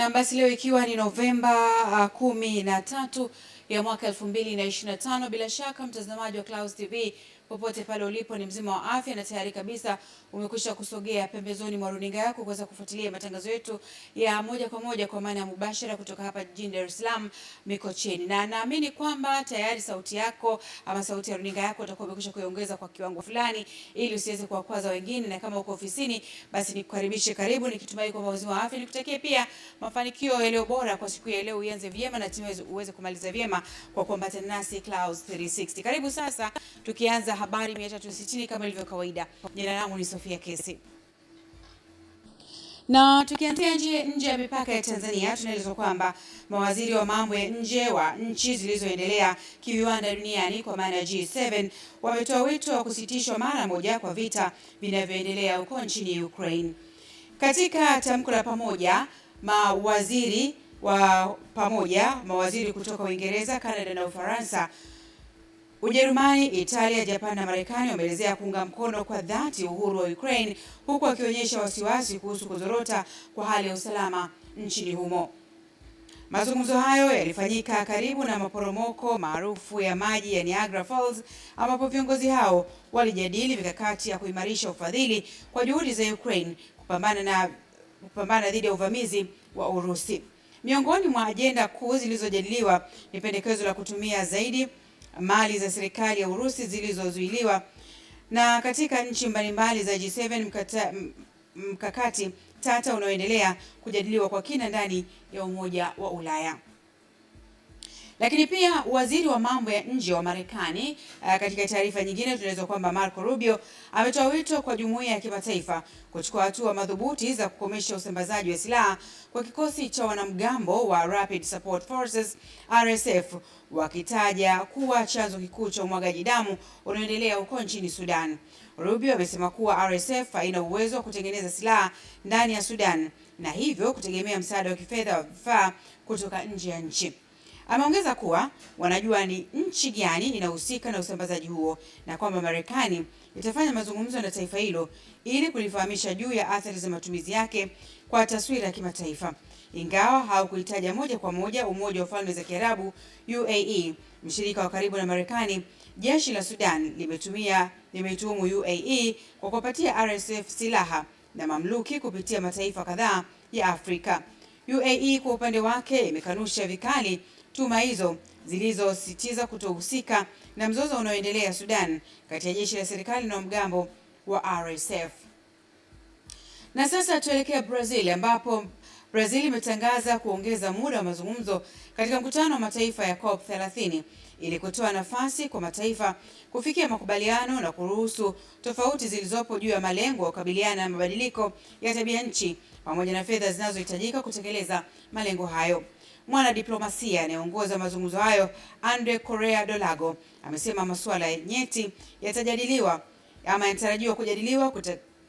Na basi leo ikiwa ni Novemba ah, kumi na tatu ya mwaka 2025, bila shaka mtazamaji wa Clouds TV popote pale ulipo, ni mzima wa afya na tayari kabisa umekwisha kusogea pembezoni mwa runinga yako kuweza kufuatilia matangazo yetu ya moja kwa moja kwa maana ya mubashara kutoka hapa jijini Dar es Salaam Mikocheni, na naamini kwamba tayari sauti yako ama sauti ya runinga yako utakuwa umekwisha kuiongeza kwa kiwango fulani, ili usiweze kuwakwaza wengine, na kama uko ofisini, basi nikukaribishe karibu, nikitumai kwamba uzima wa afya, nikutakie pia mafanikio yaliyo bora kwa siku ya leo, uanze vyema na timu uweze kumaliza vyema kwa kuambatana nasi Clouds 360. Karibu sasa tukianza habari 360 kama ilivyo kawaida. Jina langu ni Sofia Kesi. Na tukianzia nje nje ya mipaka ya Tanzania, tunaelezwa kwamba mawaziri wa mambo ya nje wa nchi zilizoendelea kiviwanda duniani kwa maana ya G7 wametoa wito wa kusitishwa mara moja kwa vita vinavyoendelea huko nchini Ukraine. Katika tamko la pamoja mawaziri wa pamoja mawaziri kutoka Uingereza, canada na Ufaransa Ujerumani, Italia, Japan na Marekani wameelezea kuunga mkono kwa dhati uhuru wa Ukraine huku wakionyesha wasiwasi kuhusu kuzorota kwa hali ya usalama nchini humo. Mazungumzo hayo yalifanyika karibu na maporomoko maarufu ya maji ya Niagara Falls ambapo viongozi hao walijadili mikakati ya kuimarisha ufadhili kwa juhudi za Ukraine kupambana na kupambana dhidi ya uvamizi wa Urusi. Miongoni mwa ajenda kuu zilizojadiliwa ni pendekezo la kutumia zaidi mali za serikali ya Urusi zilizozuiliwa na katika nchi mbalimbali za G7 mkata, mkakati tata unaoendelea kujadiliwa kwa kina ndani ya Umoja wa Ulaya. Lakini pia waziri wa mambo ya nje wa Marekani, uh, katika taarifa nyingine, tunaelezwa kwamba Marco Rubio ametoa wito kwa jumuiya ya kimataifa kuchukua hatua madhubuti za kukomesha usambazaji wa silaha kwa kikosi cha wanamgambo wa Rapid Support Forces RSF, wakitaja kuwa chanzo kikuu cha umwagaji damu unaoendelea huko nchini Sudan. Rubio amesema kuwa RSF haina uwezo wa kutengeneza silaha ndani ya Sudan na hivyo kutegemea msaada wa kifedha wa vifaa kutoka nje ya nchi. Ameongeza kuwa wanajua ni nchi gani inahusika na usambazaji huo na kwamba Marekani itafanya mazungumzo na taifa hilo ili kulifahamisha juu ya athari za matumizi yake kwa taswira ya kimataifa. Ingawa haukuitaja moja kwa moja Umoja wa Falme za Kiarabu UAE, mshirika wa karibu na Marekani, jeshi la Sudan limetumia limeituhumu UAE kwa kupatia RSF silaha na mamluki kupitia mataifa kadhaa ya Afrika. UAE kwa upande wake imekanusha vikali tuma hizo zilizosisitiza kutohusika na mzozo unaoendelea Sudan kati ya jeshi la serikali na mgambo wa RSF. Na sasa tuelekea Brazil ambapo Brazil imetangaza kuongeza muda wa mazungumzo katika mkutano wa mataifa ya COP 30 ili kutoa nafasi kwa mataifa kufikia makubaliano na kuruhusu tofauti zilizopo juu ya malengo ya kukabiliana na mabadiliko ya tabia nchi pamoja na fedha zinazohitajika kutekeleza malengo hayo. Mwanadiplomasia anayeongoza mazungumzo hayo Andre Correa Dolago amesema masuala nyeti yatajadiliwa ama yanatarajiwa kujadiliwa